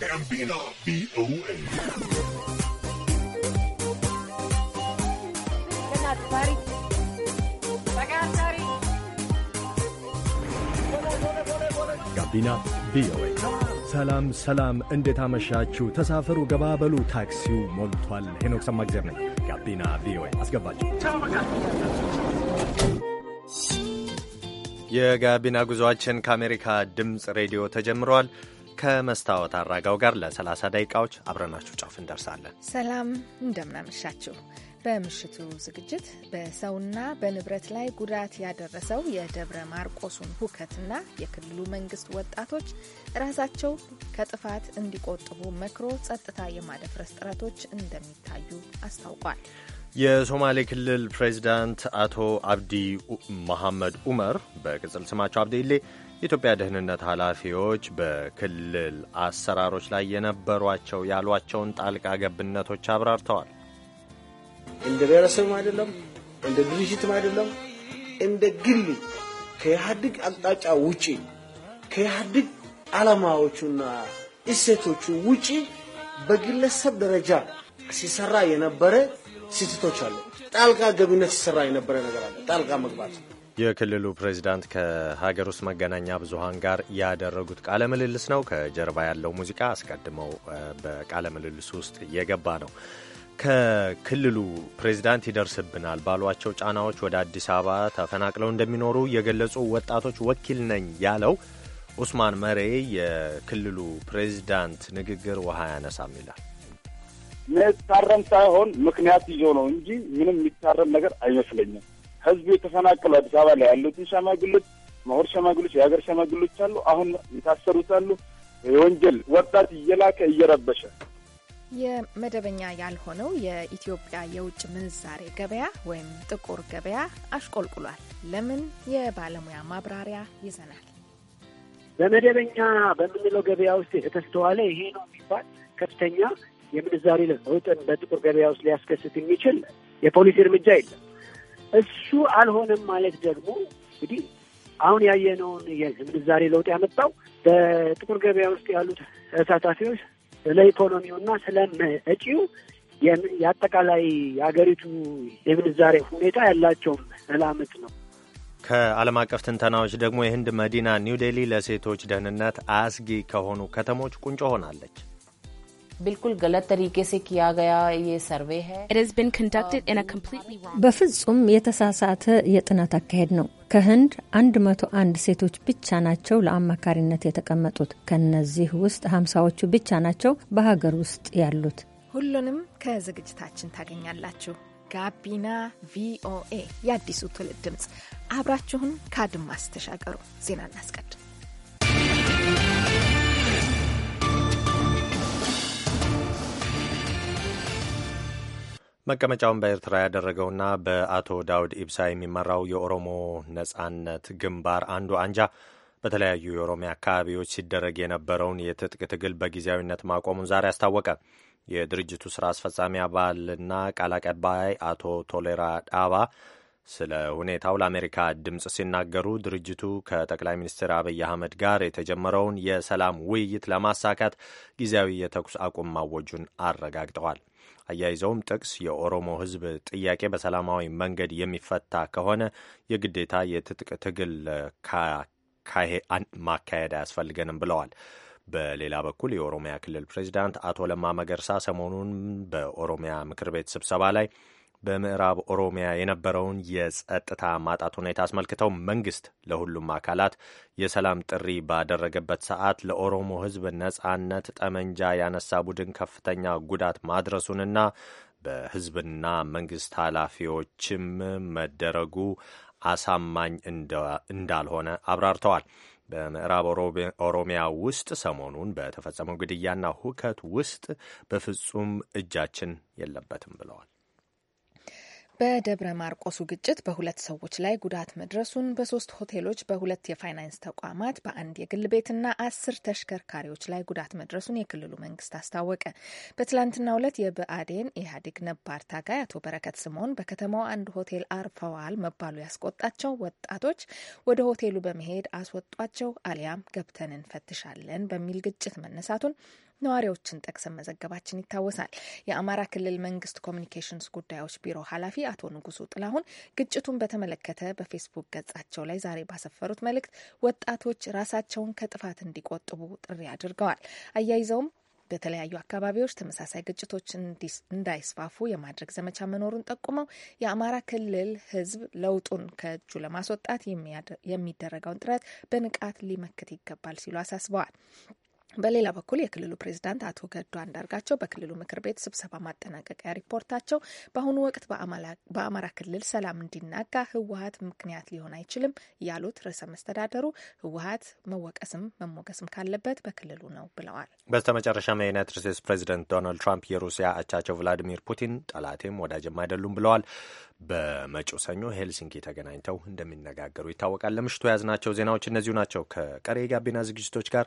ጋቢና ቪኦኤ ጋቢና ቪኦኤ። ሰላም ሰላም፣ እንዴት አመሻችሁ? ተሳፈሩ፣ ገባበሉ፣ ታክሲው ሞልቷል። ሄኖክ ሰማግዜር ነኝ። ጋቢና ቪኦኤ አስገባችሁ። የጋቢና ጉዞአችን ከአሜሪካ ድምፅ ሬዲዮ ተጀምሯል። ከመስታወት አራጋው ጋር ለ30 ደቂቃዎች አብረናችሁ ጫፍ እንደርሳለን። ሰላም እንደምናመሻችሁ። በምሽቱ ዝግጅት በሰውና በንብረት ላይ ጉዳት ያደረሰው የደብረ ማርቆሱን ሁከትና የክልሉ መንግስት ወጣቶች ራሳቸው ከጥፋት እንዲቆጥቡ መክሮ ጸጥታ የማደፍረስ ጥረቶች እንደሚታዩ አስታውቋል። የሶማሌ ክልል ፕሬዚዳንት አቶ አብዲ መሐመድ ኡመር በቅጽል ስማቸው አብዲ ኢሌ የኢትዮጵያ ደህንነት ኃላፊዎች በክልል አሰራሮች ላይ የነበሯቸው ያሏቸውን ጣልቃ ገብነቶች አብራርተዋል። እንደ ብሔረሰብም አይደለም እንደ ድርጅትም አይደለም እንደ ግል ከኢህአዴግ አቅጣጫ ውጪ ከኢህአዴግ ዓላማዎቹና እሴቶቹ ውጪ በግለሰብ ደረጃ ሲሰራ የነበረ ስህተቶች አሉ። ጣልቃ ገብነት ሲሰራ የነበረ ነገር አለ። ጣልቃ መግባት የክልሉ ፕሬዚዳንት ከሀገር ውስጥ መገናኛ ብዙሃን ጋር ያደረጉት ቃለ ምልልስ ነው። ከጀርባ ያለው ሙዚቃ አስቀድመው በቃለ ምልልሱ ውስጥ የገባ ነው። ከክልሉ ፕሬዚዳንት ይደርስብናል ባሏቸው ጫናዎች ወደ አዲስ አበባ ተፈናቅለው እንደሚኖሩ የገለጹ ወጣቶች ወኪል ነኝ ያለው ኡስማን መሬ የክልሉ ፕሬዚዳንት ንግግር ውሃ ያነሳም ይላል። መታረም ሳይሆን ምክንያት ይዞ ነው እንጂ ምንም የሚታረም ነገር አይመስለኝም። ህዝቡ የተፈናቀሉ አዲስ አበባ ላይ ያሉትን ሸማግሎች፣ ምሁር ሸማግሎች፣ የሀገር ሸማግሎች አሉ። አሁን የታሰሩት አሉ። የወንጀል ወጣት እየላከ እየረበሸ የመደበኛ ያልሆነው የኢትዮጵያ የውጭ ምንዛሬ ገበያ ወይም ጥቁር ገበያ አሽቆልቁሏል። ለምን? የባለሙያ ማብራሪያ ይዘናል። በመደበኛ በምንለው ገበያ ውስጥ የተስተዋለ ይሄ ነው የሚባል ከፍተኛ የምንዛሬ ለውጥን በጥቁር ገበያ ውስጥ ሊያስከስት የሚችል የፖሊሲ እርምጃ የለም። እሱ አልሆነም ማለት ደግሞ እንግዲህ አሁን ያየነውን የምንዛሬ ለውጥ ያመጣው በጥቁር ገበያ ውስጥ ያሉት ተሳታፊዎች ስለ እና ስለ እጪው የአጠቃላይ የሀገሪቱ የምንዛሬ ሁኔታ ያላቸውም መላምት ነው። ከዓለም አቀፍ ትንተናዎች ደግሞ የህንድ መዲና ኒው ዴሊ ለሴቶች ደህንነት አስጊ ከሆኑ ከተሞች ቁንጮ ሆናለች። बिल्कुल गलत तरीके से किया गया ये सर्वे है በፍጹም የተሳሳተ የጥናት አካሄድ ነው። ከህንድ 101 ሴቶች ብቻ ናቸው ለአማካሪነት የተቀመጡት። ከነዚህ ውስጥ ሀምሳዎቹ ብቻ ናቸው በሀገር ውስጥ ያሉት። ሁሉንም ከዝግጅታችን ታገኛላችሁ። ጋቢና ቪኦኤ፣ የአዲሱ ትውልድ ድምፅ። አብራችሁን ከአድማስ ተሻገሩ። ዜና እናስቀድም። መቀመጫውን በኤርትራ ያደረገውና በአቶ ዳውድ ኢብሳ የሚመራው የኦሮሞ ነጻነት ግንባር አንዱ አንጃ በተለያዩ የኦሮሚያ አካባቢዎች ሲደረግ የነበረውን የትጥቅ ትግል በጊዜያዊነት ማቆሙን ዛሬ አስታወቀ። የድርጅቱ ስራ አስፈጻሚ አባልና ቃል አቀባይ አቶ ቶሌራ ዳባ ስለ ሁኔታው ለአሜሪካ ድምፅ ሲናገሩ ድርጅቱ ከጠቅላይ ሚኒስትር አብይ አህመድ ጋር የተጀመረውን የሰላም ውይይት ለማሳካት ጊዜያዊ የተኩስ አቁም ማወጁን አረጋግጠዋል። አያይዘውም ጥቅስ የኦሮሞ ሕዝብ ጥያቄ በሰላማዊ መንገድ የሚፈታ ከሆነ የግዴታ የትጥቅ ትግል ማካሄድ አያስፈልገንም ብለዋል። በሌላ በኩል የኦሮሚያ ክልል ፕሬዚዳንት አቶ ለማ መገርሳ ሰሞኑን በኦሮሚያ ምክር ቤት ስብሰባ ላይ በምዕራብ ኦሮሚያ የነበረውን የጸጥታ ማጣት ሁኔታ አስመልክተው መንግስት ለሁሉም አካላት የሰላም ጥሪ ባደረገበት ሰዓት ለኦሮሞ ሕዝብ ነጻነት ጠመንጃ ያነሳ ቡድን ከፍተኛ ጉዳት ማድረሱንና በሕዝብና መንግስት ኃላፊዎችም መደረጉ አሳማኝ እንዳልሆነ አብራርተዋል። በምዕራብ ኦሮሚያ ውስጥ ሰሞኑን በተፈጸመው ግድያና ሁከት ውስጥ በፍጹም እጃችን የለበትም ብለዋል። በደብረ ማርቆሱ ግጭት በሁለት ሰዎች ላይ ጉዳት መድረሱን በሶስት ሆቴሎች፣ በሁለት የፋይናንስ ተቋማት፣ በአንድ የግል ቤትና አስር ተሽከርካሪዎች ላይ ጉዳት መድረሱን የክልሉ መንግስት አስታወቀ። በትላንትናው ዕለት የብአዴን ኢህአዴግ ነባር ታጋይ አቶ በረከት ስምኦን በከተማው አንድ ሆቴል አርፈዋል መባሉ ያስቆጣቸው ወጣቶች ወደ ሆቴሉ በመሄድ አስወጧቸው አሊያም ገብተን እንፈትሻለን በሚል ግጭት መነሳቱን ነዋሪዎችን ጠቅሰን መዘገባችን ይታወሳል። የአማራ ክልል መንግስት ኮሚኒኬሽንስ ጉዳዮች ቢሮ ኃላፊ አቶ ንጉሱ ጥላሁን ግጭቱን በተመለከተ በፌስቡክ ገጻቸው ላይ ዛሬ ባሰፈሩት መልእክት ወጣቶች ራሳቸውን ከጥፋት እንዲቆጥቡ ጥሪ አድርገዋል። አያይዘውም በተለያዩ አካባቢዎች ተመሳሳይ ግጭቶች እንዳይስፋፉ የማድረግ ዘመቻ መኖሩን ጠቁመው የአማራ ክልል ሕዝብ ለውጡን ከእጁ ለማስወጣት የሚደረገውን ጥረት በንቃት ሊመክት ይገባል ሲሉ አሳስበዋል። በሌላ በኩል የክልሉ ፕሬዚዳንት አቶ ገዱ አንዳርጋቸው በክልሉ ምክር ቤት ስብሰባ ማጠናቀቂያ ሪፖርታቸው በአሁኑ ወቅት በአማራ ክልል ሰላም እንዲናጋ ህወሀት ምክንያት ሊሆን አይችልም ያሉት ርዕሰ መስተዳደሩ ህወሀት መወቀስም መሞገስም ካለበት በክልሉ ነው ብለዋል። በስተመጨረሻም የዩናይትድ ስቴትስ ፕሬዚደንት ዶናልድ ትራምፕ የሩሲያ አቻቸው ቭላዲሚር ፑቲን ጠላቴም ወዳጅም አይደሉም ብለዋል። በመጪው ሰኞ ሄልሲንኪ ተገናኝተው እንደሚነጋገሩ ይታወቃል። ለምሽቱ የያዝናቸው ዜናዎች እነዚሁ ናቸው። ከቀሪ የጋቢና ዝግጅቶች ጋር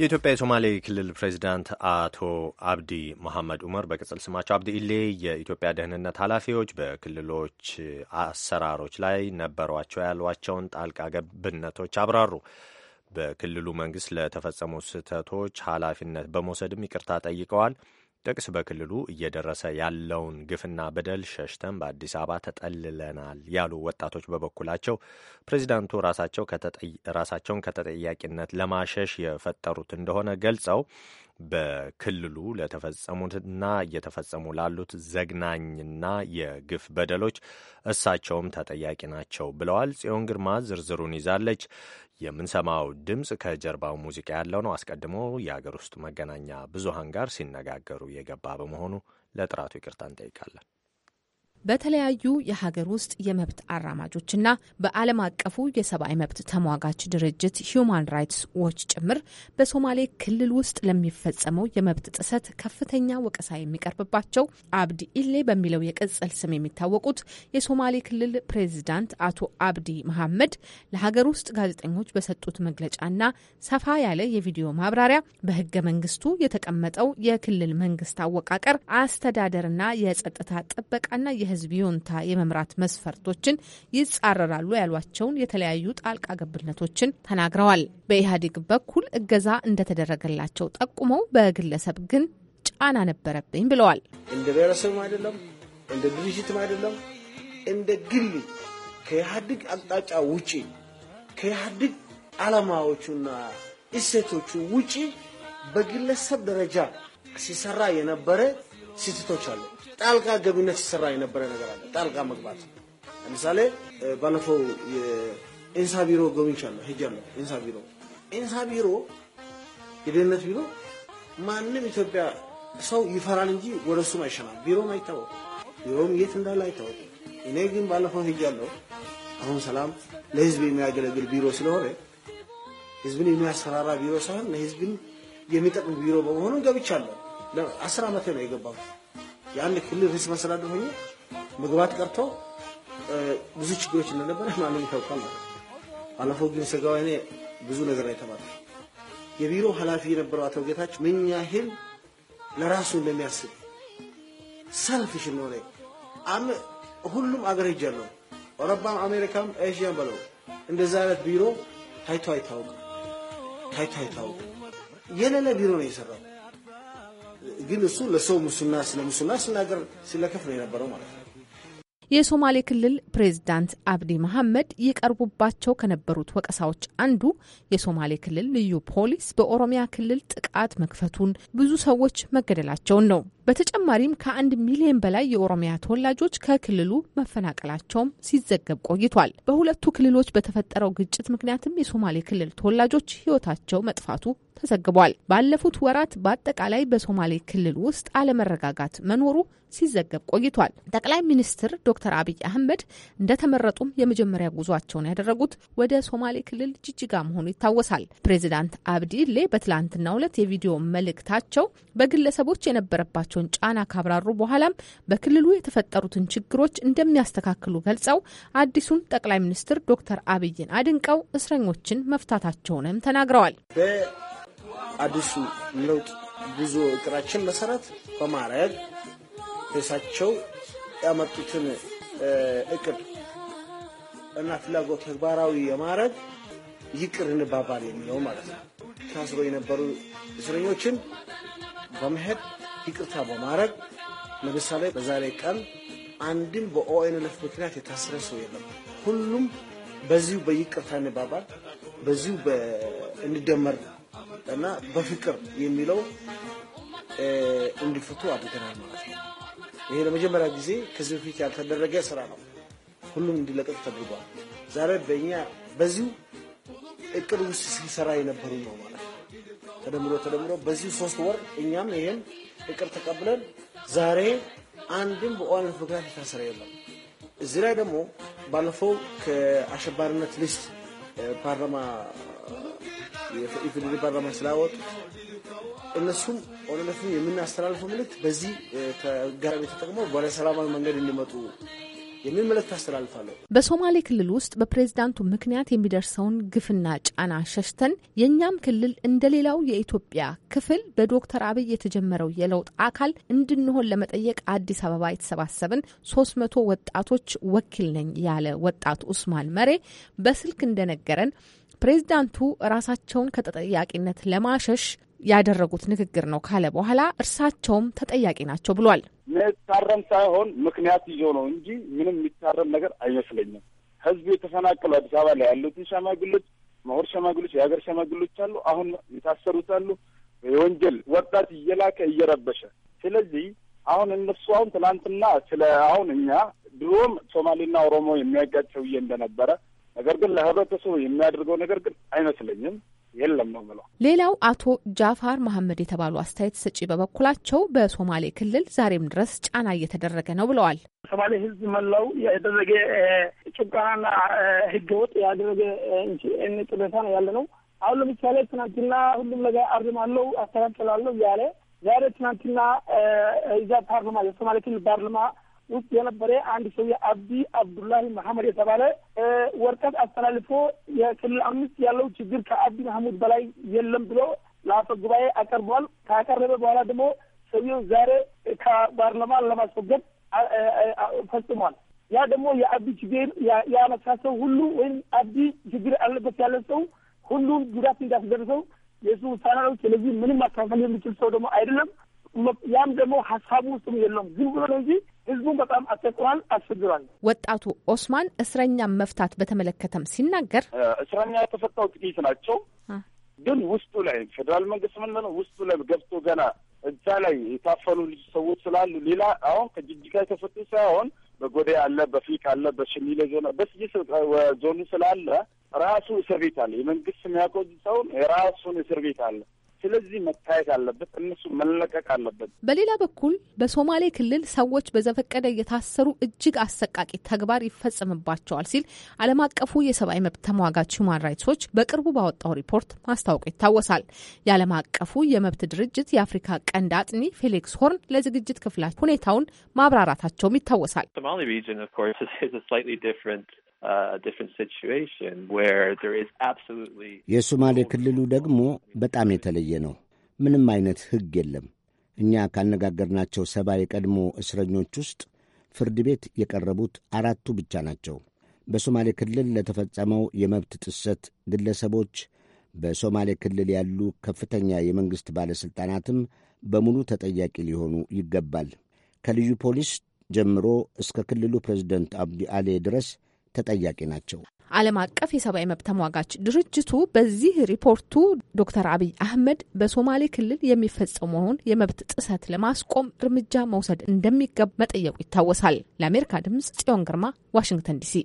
የኢትዮጵያ የሶማሌ ክልል ፕሬዚዳንት አቶ አብዲ መሐመድ ኡመር በቅጽል ስማቸው አብዲ ኢሌ የኢትዮጵያ ደህንነት ኃላፊዎች በክልሎች አሰራሮች ላይ ነበሯቸው ያሏቸውን ጣልቃ ገብነቶች አብራሩ። በክልሉ መንግስት ለተፈጸሙ ስህተቶች ኃላፊነት በመውሰድም ይቅርታ ጠይቀዋል። ጥቅስ በክልሉ እየደረሰ ያለውን ግፍና በደል ሸሽተን በአዲስ አበባ ተጠልለናል ያሉ ወጣቶች በበኩላቸው ፕሬዚዳንቱ ራሳቸው ራሳቸውን ከተጠያቂነት ለማሸሽ የፈጠሩት እንደሆነ ገልጸው በክልሉ ለተፈጸሙትና እየተፈጸሙ ላሉት ዘግናኝና የግፍ በደሎች እሳቸውም ተጠያቂ ናቸው ብለዋል። ጽዮን ግርማ ዝርዝሩን ይዛለች። የምንሰማው ድምፅ ከጀርባው ሙዚቃ ያለው ነው። አስቀድሞ የአገር ውስጥ መገናኛ ብዙሃን ጋር ሲነጋገሩ የገባ በመሆኑ ለጥራቱ ይቅርታ እንጠይቃለን። በተለያዩ የሀገር ውስጥ የመብት አራማጆችና በዓለም አቀፉ የሰብአዊ መብት ተሟጋች ድርጅት ሂዩማን ራይትስ ዎች ጭምር በሶማሌ ክልል ውስጥ ለሚፈጸመው የመብት ጥሰት ከፍተኛ ወቀሳ የሚቀርብባቸው አብዲ ኢሌ በሚለው የቅጽል ስም የሚታወቁት የሶማሌ ክልል ፕሬዚዳንት አቶ አብዲ መሐመድ ለሀገር ውስጥ ጋዜጠኞች በሰጡት መግለጫና ሰፋ ያለ የቪዲዮ ማብራሪያ በህገ መንግስቱ የተቀመጠው የክልል መንግስት አወቃቀር አስተዳደርና የጸጥታ ጥበቃና የህዝብ ይሁንታ የመምራት መስፈርቶችን ይጻረራሉ ያሏቸውን የተለያዩ ጣልቃ ገብነቶችን ተናግረዋል። በኢህአዴግ በኩል እገዛ እንደተደረገላቸው ጠቁመው በግለሰብ ግን ጫና ነበረብኝ ብለዋል። እንደ ብሔረሰብም አይደለም እንደ ድርጅትም አይደለም እንደ ግል ከኢህአዴግ አቅጣጫ ውጪ ከኢህአዴግ ዓላማዎቹና እሴቶቹ ውጪ በግለሰብ ደረጃ ሲሰራ የነበረ ስህተቶች አሉ። ጣልቃ ገብነት ሲሰራ የነበረ ነገር አለ። ጣልቃ መግባት ለምሳሌ ባለፈው የኢንሳ ቢሮ ጎብኝቻለሁ፣ ሄጃለሁ። ኢንሳ ቢሮ ኢንሳ ቢሮ የደህንነት ቢሮ ማንም ኢትዮጵያ ሰው ይፈራል እንጂ ወደ እሱም አይሸናል። ቢሮም አይታወቅ፣ ቢሮም የት እንዳለ አይታወቅ። እኔ ግን ባለፈው ሄጃለሁ። አሁን ሰላም ለህዝብ የሚያገለግል ቢሮ ስለሆነ ህዝብን የሚያስፈራራ ቢሮ ሳይሆን ለህዝብን የሚጠቅም ቢሮ በመሆኑ ገብቻለሁ። አስር ዓመቴ ነው የገባሁት። የአንድ ክልል ርዕሰ መስተዳድር ሆኜ መግባት ቀርቶ ብዙ ችግሮች እንደነበረ ማንም ይታወቃል ማለት ነው። ባለፈው ግን ስጋው እኔ ብዙ ነገር የተባለ የቢሮ ኃላፊ የነበረው አቶ ጌታቸው ምን ያህል ለራሱ እንደሚያስብ ሰልፍሽ ነው ላይ እንደሆነ ሁሉም አገር ሄጃለሁ፣ አውሮፓም፣ አሜሪካም፣ ኤዥያም በለው እንደዛ አይነት ቢሮ ታይቶ አይታወቅም፣ ታይቶ አይታወቅም። የሌለ ቢሮ ነው የሰራው። ግን እሱ ለሰው ሙስና ስለ ሙስና ስናገር ሲለከፍ ነው የነበረው ማለት ነው። የሶማሌ ክልል ፕሬዝዳንት አብዲ መሐመድ ይቀርቡባቸው ከነበሩት ወቀሳዎች አንዱ የሶማሌ ክልል ልዩ ፖሊስ በኦሮሚያ ክልል ጥቃት መክፈቱን፣ ብዙ ሰዎች መገደላቸውን ነው። በተጨማሪም ከአንድ ሚሊዮን በላይ የኦሮሚያ ተወላጆች ከክልሉ መፈናቀላቸውም ሲዘገብ ቆይቷል። በሁለቱ ክልሎች በተፈጠረው ግጭት ምክንያትም የሶማሌ ክልል ተወላጆች ሕይወታቸው መጥፋቱ ተዘግቧል። ባለፉት ወራት በአጠቃላይ በሶማሌ ክልል ውስጥ አለመረጋጋት መኖሩ ሲዘገብ ቆይቷል። ጠቅላይ ሚኒስትር ዶክተር አብይ አህመድ እንደተመረጡም የመጀመሪያ ጉዟቸውን ያደረጉት ወደ ሶማሌ ክልል ጅጅጋ መሆኑ ይታወሳል። ፕሬዚዳንት አብዲሌ በትላንትናው ዕለት የቪዲዮ መልእክታቸው በግለሰቦች የነበረባቸው ያላቸውን ጫና ካብራሩ በኋላም በክልሉ የተፈጠሩትን ችግሮች እንደሚያስተካክሉ ገልጸው አዲሱን ጠቅላይ ሚኒስትር ዶክተር አብይን አድንቀው እስረኞችን መፍታታቸውንም ተናግረዋል። በአዲሱ ለውጥ ጉዞ እቅራችን መሰረት በማድረግ እሳቸው ያመጡትን እቅድ እና ፍላጎት ተግባራዊ የማድረግ ይቅር እንባባል የሚለው ማለት ነው። ታስሮ የነበሩ እስረኞችን በመሄድ ይቅርታ በማድረግ ለምሳሌ በዛሬ ቀን አንድም በኦኤንኤልኤፍ ምክንያት የታሰረ ሰው የለም። ሁሉም በዚሁ በይቅርታ እንባባል፣ በዚሁ እንደመር እና በፍቅር የሚለው እንዲፈቱ አድርገናል ማለት ነው። ይሄ ለመጀመሪያ ጊዜ ከዚህ በፊት ያልተደረገ ስራ ነው። ሁሉም እንዲለቀቅ ተደርጓል። ዛሬ በእኛ በዚሁ እቅድ ውስጥ ሲሰራ የነበሩ ነው ማለት ነው። ተደምሮ ተደምሮ በዚሁ ሶስት ወር እኛም ይሄን እቅር ተቀብለን ዛሬ አንድም በኦነግ ምክንያት የታሰረ የለም። እዚህ ላይ ደግሞ ባለፈው ከአሸባሪነት ሊስት ፓርላማ የፌዴራል ፓርላማ ስላወጡ እነሱም ኦነግን የምናስተላልፈው ምልክት በዚህ ተጋራቢ ተጠቅመው ወደ ሰላማዊ መንገድ እንዲመጡ የሚል መልእክት አስተላልፋለሁ። በሶማሌ ክልል ውስጥ በፕሬዝዳንቱ ምክንያት የሚደርሰውን ግፍና ጫና ሸሽተን የእኛም ክልል እንደሌላው የኢትዮጵያ ክፍል በዶክተር አብይ የተጀመረው የለውጥ አካል እንድንሆን ለመጠየቅ አዲስ አበባ የተሰባሰብን ሶስት መቶ ወጣቶች ወኪል ነኝ ያለ ወጣት ኡስማን መሬ በስልክ እንደነገረን ፕሬዝዳንቱ ራሳቸውን ከተጠያቂነት ለማሸሽ ያደረጉት ንግግር ነው ካለ በኋላ እርሳቸውም ተጠያቂ ናቸው ብሏል። የሚታረም ሳይሆን ምክንያት ይዞ ነው እንጂ ምንም የሚታረም ነገር አይመስለኝም። ህዝቡ የተፈናቀሉ አዲስ አበባ ላይ ያሉትን ሸማግሎች፣ መሆር ሸማግሎች፣ የሀገር ሸማግሎች አሉ። አሁን የታሰሩት አሉ። የወንጀል ወጣት እየላከ እየረበሸ ስለዚህ አሁን እነሱ አሁን ትናንትና ስለ አሁን እኛ ድሮም ሶማሌና ኦሮሞ የሚያጋጭ ሰውዬ እንደነበረ ነገር ግን ለህብረተሰቡ የሚያደርገው ነገር ግን አይመስለኝም። የለም ነው ብለው። ሌላው አቶ ጃፋር መሐመድ የተባሉ አስተያየት ሰጪ በበኩላቸው በሶማሌ ክልል ዛሬም ድረስ ጫና እየተደረገ ነው ብለዋል። ሶማሌ ሕዝብ መላው ያደረገ ጭቆናና ህገወጥ ያደረገ ጥበታ ነው ያለ ነው። አሁን ለምሳሌ ትናንትና ሁሉም ነገር አርማለሁ አስተካክላለሁ ያለ ዛሬ ትናንትና እዛ ፓርላማ የሶማሌ ክልል ፓርላማ ውስጥ የነበረ አንድ ሰው የአብዲ አብዱላሂ መሐመድ የተባለ ወረቀት አስተላልፎ የክልል አምስት ያለው ችግር ከአብዲ መሐሙድ በላይ የለም ብሎ ለአፈ ጉባኤ አቀርቧል። ካቀረበ በኋላ ደግሞ ሰውየው ዛሬ ከፓርላማ ለማስወገድ ፈጽሟል። ያ ደግሞ የአብዲ ችግር ያነሳ ሁሉ ወይም አብዲ ችግር አለበት ያለ ሰው ሁሉም ጉዳት እንዳስደርሰው የእሱ ውሳኔ ነው። ስለዚህ ምንም ማካፈል የሚችል ሰው ደግሞ አይደለም። ያም ደግሞ ሀሳቡ ውስጥም የለውም። ዝም ብሎ ነው እንጂ ህዝቡን በጣም አስቸግሯል አስቸግሯል። ወጣቱ ኦስማን እስረኛ መፍታት በተመለከተም ሲናገር እስረኛ የተፈታው ጥቂት ናቸው፣ ግን ውስጡ ላይ ፌዴራል መንግስት ምን ነው ውስጡ ላይ ገብቶ ገና እዛ ላይ የታፈኑ ልጅ ሰዎች ስላሉ ሌላ አሁን ከጅጅጋ የተፈቱ ሳይሆን በጎዴ አለ፣ በፊቅ አለ፣ በሽሚለ ዞን በስጅስ ዞኑ ስላለ ራሱ እስር ቤት አለ። የመንግስት የሚያቆዝ ሰውን የራሱን እስር ቤት አለ። ስለዚህ መታየት አለበት፣ እነሱ መለቀቅ አለበት። በሌላ በኩል በሶማሌ ክልል ሰዎች በዘፈቀደ እየታሰሩ እጅግ አሰቃቂ ተግባር ይፈጸምባቸዋል ሲል ዓለም አቀፉ የሰብአዊ መብት ተሟጋች ሁማን ራይትሶች በቅርቡ ባወጣው ሪፖርት ማስታወቁ ይታወሳል። የዓለም አቀፉ የመብት ድርጅት የአፍሪካ ቀንድ አጥኒ ፌሊክስ ሆርን ለዝግጅት ክፍላች ሁኔታውን ማብራራታቸውም ይታወሳል። Uh, የሶማሌ ክልሉ ደግሞ በጣም የተለየ ነው። ምንም አይነት ሕግ የለም። እኛ ካነጋገርናቸው ሰባ የቀድሞ እስረኞች ውስጥ ፍርድ ቤት የቀረቡት አራቱ ብቻ ናቸው። በሶማሌ ክልል ለተፈጸመው የመብት ጥሰት ግለሰቦች፣ በሶማሌ ክልል ያሉ ከፍተኛ የመንግሥት ባለሥልጣናትም በሙሉ ተጠያቂ ሊሆኑ ይገባል። ከልዩ ፖሊስ ጀምሮ እስከ ክልሉ ፕሬዚደንት አብዲ አሌ ድረስ ተጠያቂ ናቸው። ዓለም አቀፍ የሰብአዊ መብት ተሟጋች ድርጅቱ በዚህ ሪፖርቱ ዶክተር አብይ አህመድ በሶማሌ ክልል የሚፈጸመውን የመብት ጥሰት ለማስቆም እርምጃ መውሰድ እንደሚገባ መጠየቁ ይታወሳል። ለአሜሪካ ድምጽ ጽዮን ግርማ ዋሽንግተን ዲሲ።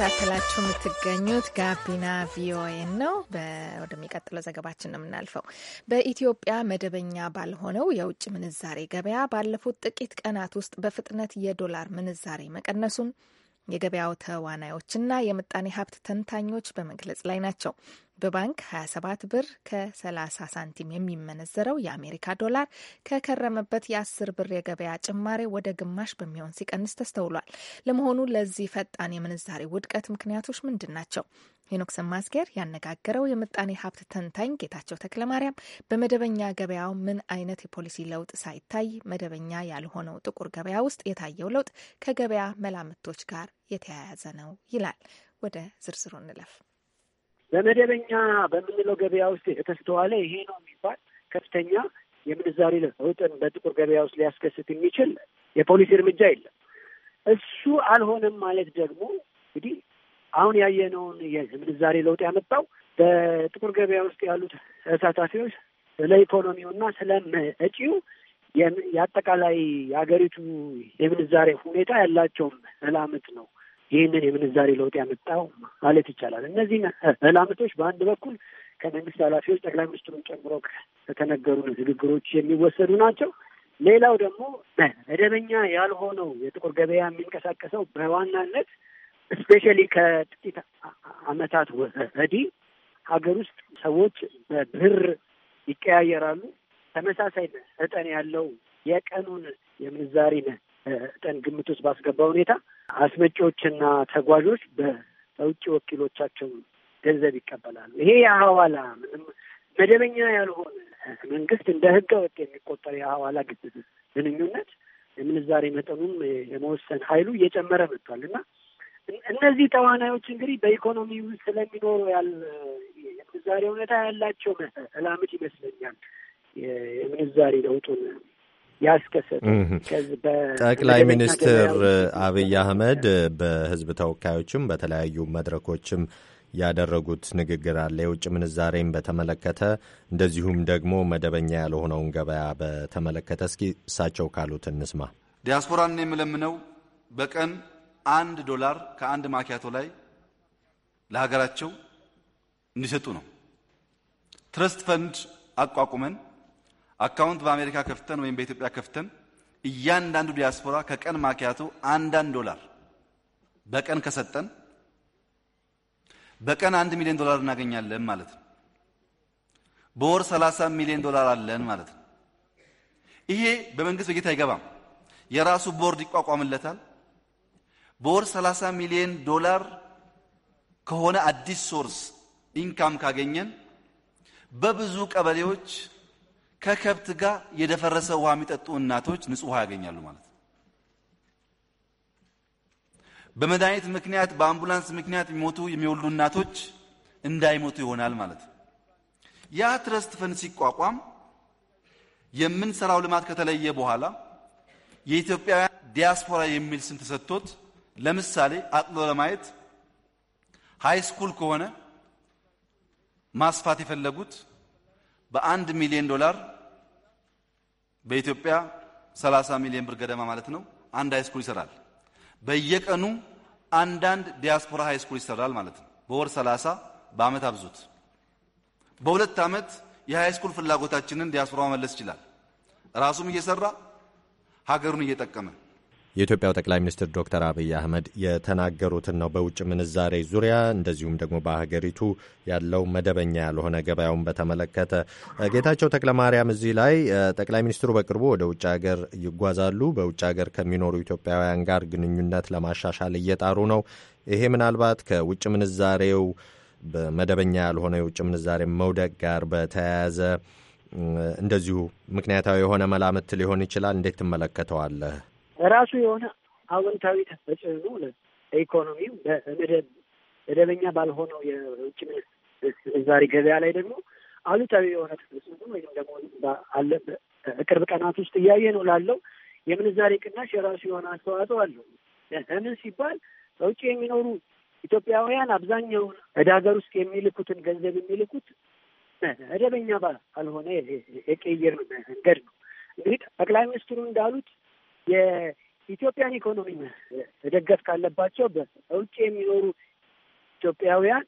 እየተከታተላችሁ የምትገኙት ጋቢና ቪኦኤ ነው። ወደሚቀጥለው ዘገባችን ነው የምናልፈው። በኢትዮጵያ መደበኛ ባልሆነው የውጭ ምንዛሬ ገበያ ባለፉት ጥቂት ቀናት ውስጥ በፍጥነት የዶላር ምንዛሬ መቀነሱን የገበያው ተዋናዮችና የምጣኔ ሀብት ተንታኞች በመግለጽ ላይ ናቸው። በባንክ 27 ብር ከ30 ሳንቲም የሚመነዘረው የአሜሪካ ዶላር ከከረመበት የ10 ብር የገበያ ጭማሬ ወደ ግማሽ በሚሆን ሲቀንስ ተስተውሏል። ለመሆኑ ለዚህ ፈጣን የምንዛሬ ውድቀት ምክንያቶች ምንድን ናቸው? ሄኖክ ማስጌር ያነጋገረው የምጣኔ ሀብት ተንታኝ ጌታቸው ተክለማርያም በመደበኛ ገበያው ምን አይነት የፖሊሲ ለውጥ ሳይታይ መደበኛ ያልሆነው ጥቁር ገበያ ውስጥ የታየው ለውጥ ከገበያ መላምቶች ጋር የተያያዘ ነው ይላል። ወደ ዝርዝሩ እንለፍ። በመደበኛ በምንለው ገበያ ውስጥ የተስተዋለ ይሄ ነው የሚባል ከፍተኛ የምንዛሬ ለውጥን በጥቁር ገበያ ውስጥ ሊያስከስት የሚችል የፖሊሲ እርምጃ የለም። እሱ አልሆነም ማለት ደግሞ እንግዲህ አሁን ያየነውን የምንዛሬ ለውጥ ያመጣው በጥቁር ገበያ ውስጥ ያሉት ተሳታፊዎች ስለ ኢኮኖሚውና ስለ መጪው የአጠቃላይ የሀገሪቱ የምንዛሬ ሁኔታ ያላቸውም መላምት ነው። ይህንን የምንዛሬ ለውጥ ያመጣው ማለት ይቻላል። እነዚህ መላምቶች በአንድ በኩል ከመንግስት ኃላፊዎች ጠቅላይ ሚኒስትሩን ጨምሮ ከተነገሩ ንግግሮች የሚወሰዱ ናቸው። ሌላው ደግሞ መደበኛ ያልሆነው የጥቁር ገበያ የሚንቀሳቀሰው በዋናነት ስፔሻሊ ከጥቂት አመታት ወዲህ ሀገር ውስጥ ሰዎች በብር ይቀያየራሉ። ተመሳሳይ መጠን ያለው የቀኑን የምንዛሪ መጠን ግምት ውስጥ ባስገባ ሁኔታ አስመጪዎችና ተጓዦች በውጭ ወኪሎቻቸው ገንዘብ ይቀበላሉ። ይሄ የሐዋላ ምንም መደበኛ ያልሆነ መንግስት እንደ ህገ ወጥ የሚቆጠር የሐዋላ ግንኙነት የምንዛሬ መጠኑም የመወሰን ኃይሉ እየጨመረ መጥቷል እና እነዚህ ተዋናዮች እንግዲህ በኢኮኖሚ ውስጥ ስለሚኖሩ ያል የምንዛሬ ሁኔታ ያላቸው መላምት ይመስለኛል የምንዛሬ ለውጡን ያስከሰቱ ጠቅላይ ሚኒስትር አብይ አህመድ በህዝብ ተወካዮችም በተለያዩ መድረኮችም ያደረጉት ንግግር አለ። የውጭ ምንዛሬን በተመለከተ እንደዚሁም ደግሞ መደበኛ ያልሆነውን ገበያ በተመለከተ እስኪ እሳቸው ካሉት እንስማ። ዲያስፖራን የምለምነው በቀን አንድ ዶላር ከአንድ ማኪያቶ ላይ ለሀገራቸው እንዲሰጡ ነው። ትረስት ፈንድ አቋቁመን አካውንት በአሜሪካ ከፍተን ወይም በኢትዮጵያ ከፍተን እያንዳንዱ ዲያስፖራ ከቀን ማኪያቱ አንዳንድ ዶላር በቀን ከሰጠን በቀን አንድ ሚሊዮን ዶላር እናገኛለን ማለት ነው። በወር 30 ሚሊዮን ዶላር አለን ማለት ነው። ይሄ በመንግስት በጀት አይገባም። የራሱ ቦርድ ይቋቋምለታል። በወር 30 ሚሊዮን ዶላር ከሆነ አዲስ ሶርስ ኢንካም ካገኘን በብዙ ቀበሌዎች ከከብት ጋር የደፈረሰ ውሃ የሚጠጡ እናቶች ንጹህ ውሃ ያገኛሉ ማለት ነው። በመድኃኒት ምክንያት በአምቡላንስ ምክንያት የሚሞቱ የሚወልዱ እናቶች እንዳይሞቱ ይሆናል ማለት ነው። ያ ትረስት ፈን ሲቋቋም የምንሰራው ልማት ከተለየ በኋላ የኢትዮጵያውያን ዲያስፖራ የሚል ስም ተሰጥቶት ለምሳሌ አቅሎ ለማየት ሃይ ስኩል ከሆነ ማስፋት የፈለጉት በአንድ ሚሊዮን ዶላር በኢትዮጵያ 30 ሚሊዮን ብር ገደማ ማለት ነው አንድ ሃይስኩል ይሰራል። በየቀኑ አንዳንድ ዲያስፖራ ሃይስኩል ይሰራል ማለት ነው። በወር 30 በአመት አብዙት። በሁለት አመት የሃይስኩል ፍላጎታችንን ዲያስፖራ መመለስ ይችላል። ራሱም እየሰራ ሀገሩን እየጠቀመ የኢትዮጵያው ጠቅላይ ሚኒስትር ዶክተር አብይ አህመድ የተናገሩትን ነው። በውጭ ምንዛሬ ዙሪያ እንደዚሁም ደግሞ በሀገሪቱ ያለው መደበኛ ያልሆነ ገበያውን በተመለከተ ጌታቸው ተክለማርያም እዚህ ላይ ጠቅላይ ሚኒስትሩ በቅርቡ ወደ ውጭ ሀገር ይጓዛሉ። በውጭ ሀገር ከሚኖሩ ኢትዮጵያውያን ጋር ግንኙነት ለማሻሻል እየጣሩ ነው። ይሄ ምናልባት ከውጭ ምንዛሬው በመደበኛ ያልሆነ የውጭ ምንዛሬ መውደቅ ጋር በተያያዘ እንደዚሁ ምክንያታዊ የሆነ መላምት ሊሆን ይችላል። እንዴት ትመለከተዋለህ? ራሱ የሆነ አዎንታዊ ተጽዕኖ ለኢኮኖሚው መደበኛ ባልሆነው የውጭ ምንዛሪ ገበያ ላይ ደግሞ አሉታዊ የሆነ ተጽዕኖ ወይም ደግሞ በቅርብ ቀናት ውስጥ እያየ ነው ላለው የምንዛሬ ቅናሽ የራሱ የሆነ አስተዋጽኦ አለው። ለምን ሲባል በውጭ የሚኖሩ ኢትዮጵያውያን አብዛኛውን ወደ ሀገር ውስጥ የሚልኩትን ገንዘብ የሚልኩት መደበኛ ባልሆነ የቅይር መንገድ ነው። እንግዲህ ጠቅላይ ሚኒስትሩ እንዳሉት የኢትዮጵያን ኢኮኖሚ መደገፍ ካለባቸው በውጭ የሚኖሩ ኢትዮጵያውያን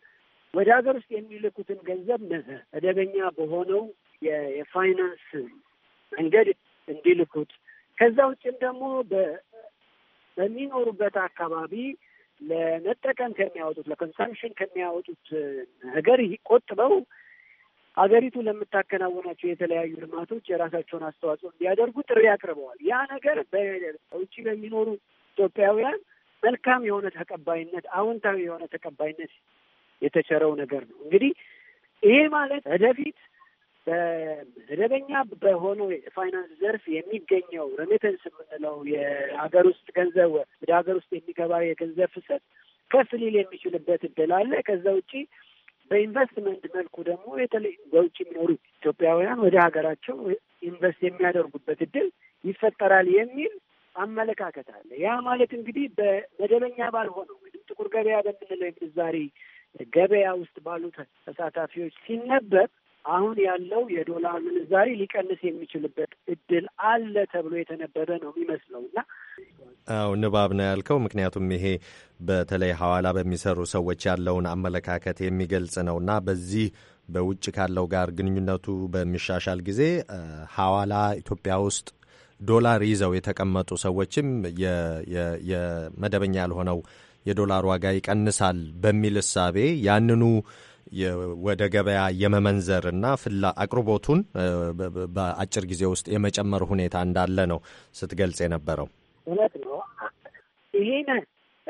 ወደ ሀገር ውስጥ የሚልኩትን ገንዘብ መደበኛ በሆነው የፋይናንስ መንገድ እንዲልኩት ከዛ ውጭም ደግሞ በሚኖሩበት አካባቢ ለመጠቀም ከሚያወጡት ለኮንሳምሽን ከሚያወጡት ነገር ቆጥበው አገሪቱ ለምታከናውናቸው የተለያዩ ልማቶች የራሳቸውን አስተዋጽኦ እንዲያደርጉ ጥሪ አቅርበዋል። ያ ነገር በውጭ በሚኖሩ ኢትዮጵያውያን መልካም የሆነ ተቀባይነት፣ አዎንታዊ የሆነ ተቀባይነት የተቸረው ነገር ነው። እንግዲህ ይሄ ማለት ወደፊት በመደበኛ በሆነው የፋይናንስ ዘርፍ የሚገኘው ረሜተንስ የምንለው የሀገር ውስጥ ገንዘብ ወደ ሀገር ውስጥ የሚገባ የገንዘብ ፍሰት ከፍ ሊል የሚችልበት እድል አለ። ከዛ ውጪ በኢንቨስትመንት መልኩ ደግሞ የተለይ በውጭ የሚኖሩ ኢትዮጵያውያን ወደ ሀገራቸው ኢንቨስት የሚያደርጉበት እድል ይፈጠራል የሚል አመለካከት አለ። ያ ማለት እንግዲህ በመደበኛ ባልሆነው ወይም ጥቁር ገበያ በምንለው የምንዛሬ ገበያ ውስጥ ባሉ ተሳታፊዎች ሲነበብ አሁን ያለው የዶላር ምንዛሪ ሊቀንስ የሚችልበት እድል አለ ተብሎ የተነበበ ነው የሚመስለው እና አው ንባብ ነው ያልከው። ምክንያቱም ይሄ በተለይ ሐዋላ በሚሰሩ ሰዎች ያለውን አመለካከት የሚገልጽ ነው እና በዚህ በውጭ ካለው ጋር ግንኙነቱ በሚሻሻል ጊዜ ሐዋላ ኢትዮጵያ ውስጥ ዶላር ይዘው የተቀመጡ ሰዎችም የመደበኛ ያልሆነው የዶላር ዋጋ ይቀንሳል በሚል እሳቤ ያንኑ ወደ ገበያ የመመንዘርና ፍላ አቅርቦቱን በአጭር ጊዜ ውስጥ የመጨመር ሁኔታ እንዳለ ነው ስትገልጽ የነበረው። እውነት ነው። ይሄን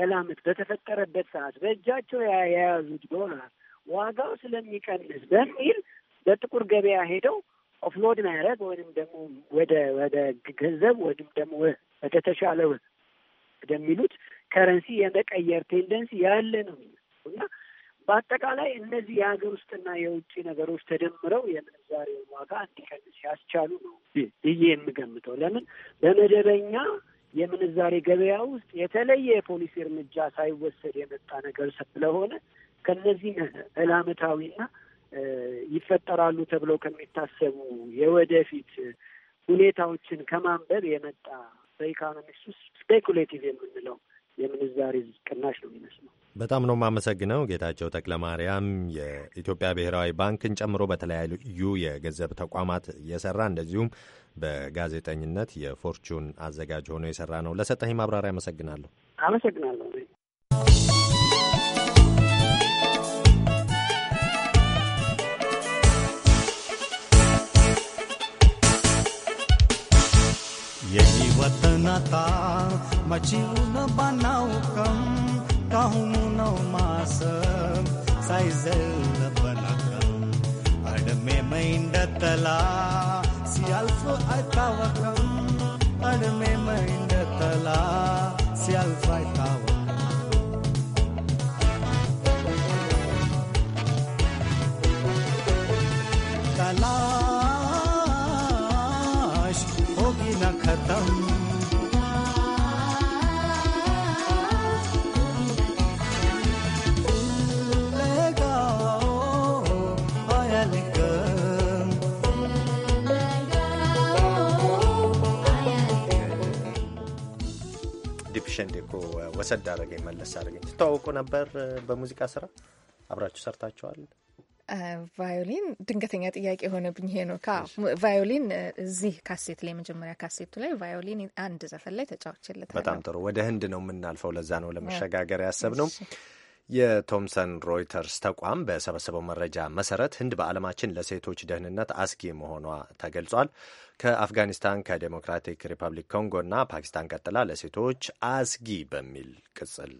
ዕላምት በተፈጠረበት ሰዓት በእጃቸው የያዙት ዶላር ዋጋው ስለሚቀንስ በሚል በጥቁር ገበያ ሄደው ኦፍሎድ ማድረግ ወይም ደግሞ ወደ ወደ ገንዘብ ወይም ደግሞ ወደ ተሻለ ወደሚሉት ከረንሲ የመቀየር ቴንደንሲ ያለ ነው እና በአጠቃላይ እነዚህ የሀገር ውስጥና የውጭ ነገሮች ተደምረው የምንዛሬውን ዋጋ እንዲቀንስ ያስቻሉ ነው ብዬ የምገምተው። ለምን በመደበኛ የምንዛሬ ገበያ ውስጥ የተለየ የፖሊሲ እርምጃ ሳይወሰድ የመጣ ነገር ስለሆነ ከነዚህ እላመታዊና ይፈጠራሉ ተብለው ከሚታሰቡ የወደፊት ሁኔታዎችን ከማንበብ የመጣ በኢኮኖሚክስ ውስጥ ስፔኩሌቲቭ የምንለው የምንዛሬ ቅናሽ ነው የሚመስለው። በጣም ነው የማመሰግነው ጌታቸው ተክለ ማርያም የኢትዮጵያ ብሔራዊ ባንክን ጨምሮ በተለያዩ የገንዘብ ተቋማት የሰራ እንደዚሁም በጋዜጠኝነት የፎርቹን አዘጋጅ ሆኖ የሰራ ነው። ለሰጠኝ ማብራሪያ አመሰግናለሁ። አመሰግናለሁ። የህይወት ናታ mà mà nào say machiuna banau kam kahunau masam saizel banakam adme maindatala sialf atawakam adme maindatala sialf atawakam तलाश होगी न खत्म ሰድ አረገኝ መለስ አረገኝ። ትተዋወቁ ነበር? በሙዚቃ ስራ አብራችሁ ሰርታችኋል? ቫዮሊን ድንገተኛ ጥያቄ የሆነብኝ ይሄ ነው። ቫዮሊን እዚህ ካሴት ላይ መጀመሪያ ካሴቱ ላይ ቫዮሊን አንድ ዘፈን ላይ ተጫውቼለታለሁ። በጣም ጥሩ። ወደ ህንድ ነው የምናልፈው። ለዛ ነው ለመሸጋገር ያሰብ ነው። የቶምሰን ሮይተርስ ተቋም በሰበሰበው መረጃ መሰረት ህንድ በዓለማችን ለሴቶች ደህንነት አስጊ መሆኗ ተገልጿል። ከአፍጋኒስታን ከዴሞክራቲክ ሪፐብሊክ ኮንጎ እና ፓኪስታን ቀጥላ ለሴቶች አስጊ በሚል ቅጽል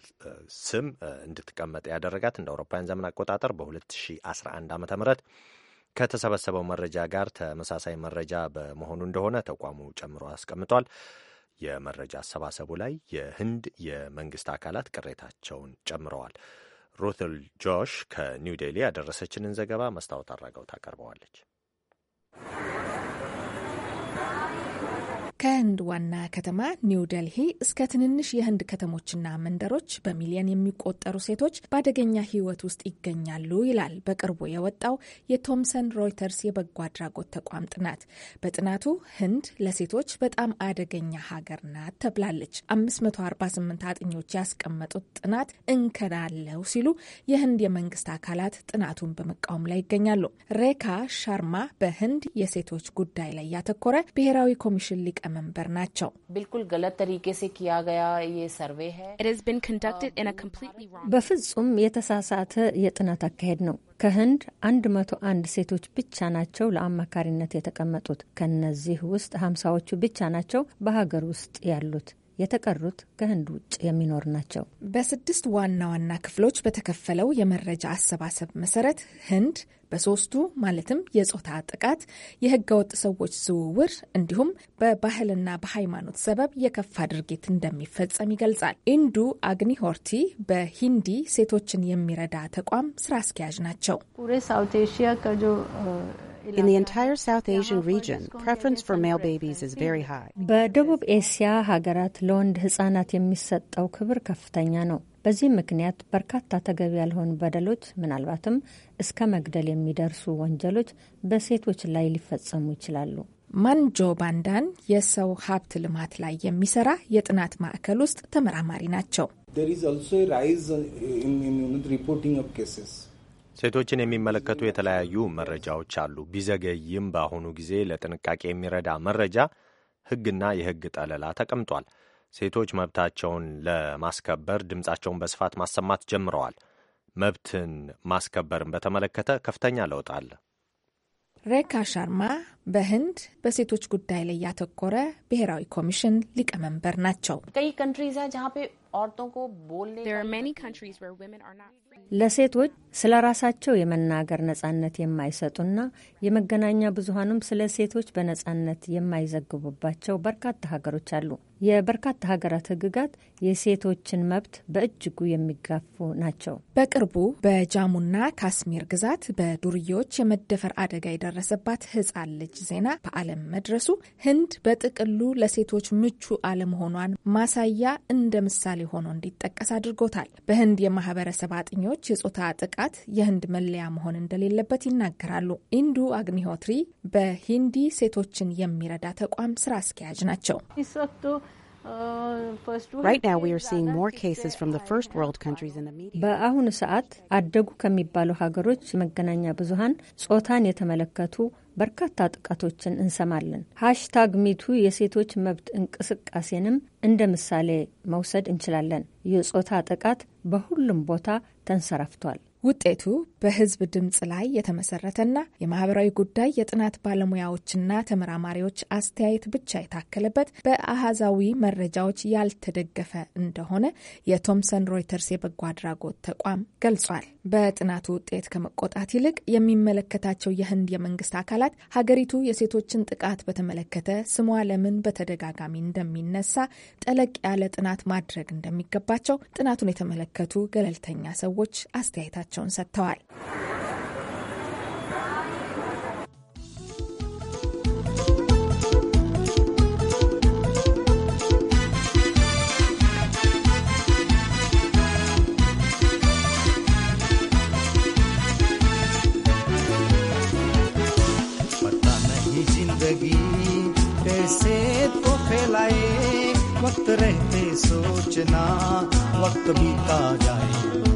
ስም እንድትቀመጥ ያደረጋት እንደ አውሮፓውያን ዘመን አቆጣጠር በ2011 ዓ ም ከተሰበሰበው መረጃ ጋር ተመሳሳይ መረጃ በመሆኑ እንደሆነ ተቋሙ ጨምሮ አስቀምጧል። የመረጃ አሰባሰቡ ላይ የህንድ የመንግስት አካላት ቅሬታቸውን ጨምረዋል። ሩትል ጆሽ ከኒው ዴሊ ያደረሰችንን ዘገባ መስታወት አድራጋው ታቀርበዋለች። ከህንድ ዋና ከተማ ኒው ደልሂ እስከ ትንንሽ የህንድ ከተሞችና መንደሮች በሚሊዮን የሚቆጠሩ ሴቶች በአደገኛ ህይወት ውስጥ ይገኛሉ ይላል በቅርቡ የወጣው የቶምሰን ሮይተርስ የበጎ አድራጎት ተቋም ጥናት። በጥናቱ ህንድ ለሴቶች በጣም አደገኛ ሀገር ናት ተብላለች። 548 አጥኞች ያስቀመጡት ጥናት እንከዳለው ሲሉ የህንድ የመንግስት አካላት ጥናቱን በመቃወም ላይ ይገኛሉ። ሬካ ሻርማ በህንድ የሴቶች ጉዳይ ላይ ያተኮረ ብሔራዊ ኮሚሽን ሊቀ ሊቀመንበር ናቸው። በፍጹም የተሳሳተ የጥናት አካሄድ ነው። ከህንድ 101 ሴቶች ብቻ ናቸው ለአማካሪነት የተቀመጡት። ከነዚህ ውስጥ ሀምሳዎቹ ብቻ ናቸው በሀገር ውስጥ ያሉት። የተቀሩት ከህንድ ውጭ የሚኖር ናቸው። በስድስት ዋና ዋና ክፍሎች በተከፈለው የመረጃ አሰባሰብ መሰረት ህንድ በሶስቱ ማለትም የጾታ ጥቃት፣ የህገወጥ ሰዎች ዝውውር እንዲሁም በባህልና በሃይማኖት ሰበብ የከፋ ድርጊት እንደሚፈጸም ይገልጻል። ኢንዱ አግኒ ሆርቲ በሂንዲ ሴቶችን የሚረዳ ተቋም ስራ አስኪያጅ ናቸው። In the entire South Asian region, preference for male babies is very high. በደቡብ ኤስያ ሀገራት ለወንድ ህጻናት የሚሰጠው ክብር ከፍተኛ ነው። በዚህም ምክንያት በርካታ ተገቢ ያልሆኑ በደሎች ምናልባትም እስከ መግደል የሚደርሱ ወንጀሎች በሴቶች ላይ ሊፈጸሙ ይችላሉ። ማንጆ ባንዳን የሰው ሀብት ልማት ላይ የሚሰራ የጥናት ማዕከል ውስጥ ተመራማሪ ናቸው። ሴቶችን የሚመለከቱ የተለያዩ መረጃዎች አሉ። ቢዘገይም በአሁኑ ጊዜ ለጥንቃቄ የሚረዳ መረጃ ሕግና የሕግ ጠለላ ተቀምጧል። ሴቶች መብታቸውን ለማስከበር ድምፃቸውን በስፋት ማሰማት ጀምረዋል። መብትን ማስከበርን በተመለከተ ከፍተኛ ለውጥ አለ። ሬካ ሻርማ በህንድ በሴቶች ጉዳይ ላይ ያተኮረ ብሔራዊ ኮሚሽን ሊቀመንበር ናቸው። ለሴቶች ስለ ራሳቸው የመናገር ነጻነት የማይሰጡና የመገናኛ ብዙሀንም ስለ ሴቶች በነጻነት የማይዘግቡባቸው በርካታ ሀገሮች አሉ። የበርካታ ሀገራት ህግጋት የሴቶችን መብት በእጅጉ የሚጋፉ ናቸው። በቅርቡ በጃሙና ካስሚር ግዛት በዱርዬዎች የመደፈር አደጋ የደረሰባት ህጻን ልጅ ዜና በዓለም መድረሱ ህንድ በጥቅሉ ለሴቶች ምቹ አለመሆኗን ማሳያ እንደ ምሳሌ ሆኖ እንዲጠቀስ አድርጎታል። በህንድ የማህበረሰብ አጥኚ ጋዜጠኞች የጾታ ጥቃት የህንድ መለያ መሆን እንደሌለበት ይናገራሉ። ኢንዱ አግኒሆትሪ በሂንዲ ሴቶችን የሚረዳ ተቋም ስራ አስኪያጅ ናቸው። በአሁኑ ሰዓት አደጉ ከሚባሉ ሀገሮች የመገናኛ ብዙሀን ጾታን የተመለከቱ በርካታ ጥቃቶችን እንሰማለን። ሃሽታግ ሚቱ የሴቶች መብት እንቅስቃሴንም እንደ ምሳሌ መውሰድ እንችላለን። የጾታ ጥቃት በሁሉም ቦታ ተንሰራፍቷል። ውጤቱ በህዝብ ድምፅ ላይ የተመሰረተና የማህበራዊ ጉዳይ የጥናት ባለሙያዎችና ተመራማሪዎች አስተያየት ብቻ የታከለበት በአሃዛዊ መረጃዎች ያልተደገፈ እንደሆነ የቶምሰን ሮይተርስ የበጎ አድራጎት ተቋም ገልጿል። በጥናቱ ውጤት ከመቆጣት ይልቅ የሚመለከታቸው የህንድ የመንግስት አካላት ሀገሪቱ የሴቶችን ጥቃት በተመለከተ ስሟ ለምን በተደጋጋሚ እንደሚነሳ ጠለቅ ያለ ጥናት ማድረግ እንደሚገባቸው ጥናቱን የተመለከቱ ገለልተኛ ሰዎች አስተያየታቸው ቃላቸውን ሰጥተዋል። तो वक्त रहते सोचना वक्त बीता जाए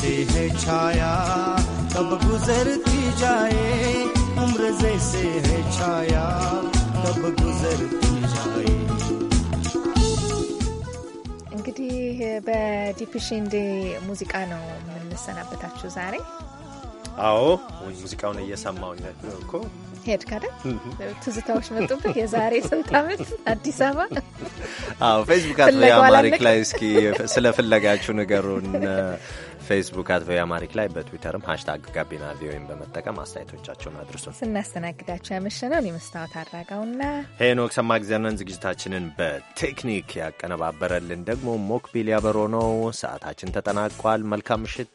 जैसे है छाया कब गुजरती जाए उम्र जैसे है छाया कब गुजरती जाए እንግዲህ በዲፕሽን ዴ ሙዚቃ ነው የምንሰናበታችሁ ዛሬ። አዎ ሙዚቃውን እየሰማው እኮ ሄድ ካደ ትዝታዎች መጡብህ። የዛሬ ስንት ዓመት አዲስ አበባ ፌስቡክ አት አማሪክ ላይ እስኪ ስለ ፍለጋችሁ ንገሩን። ፌስቡክ አት አማሪክ ላይ በትዊተርም ሀሽታግ ጋቢና ቪኦኤም በመጠቀም አስተያየቶቻቸውን አድርሱን። ስናስተናግዳቸው ያመሸነውን የመስታወት አድራጋውና ሄኖክ ሰማ ጊዜነን ዝግጅታችንን በቴክኒክ ያቀነባበረልን ደግሞ ሞክቢል ያበሮ ነው። ሰዓታችን ተጠናቋል። መልካም ምሽት።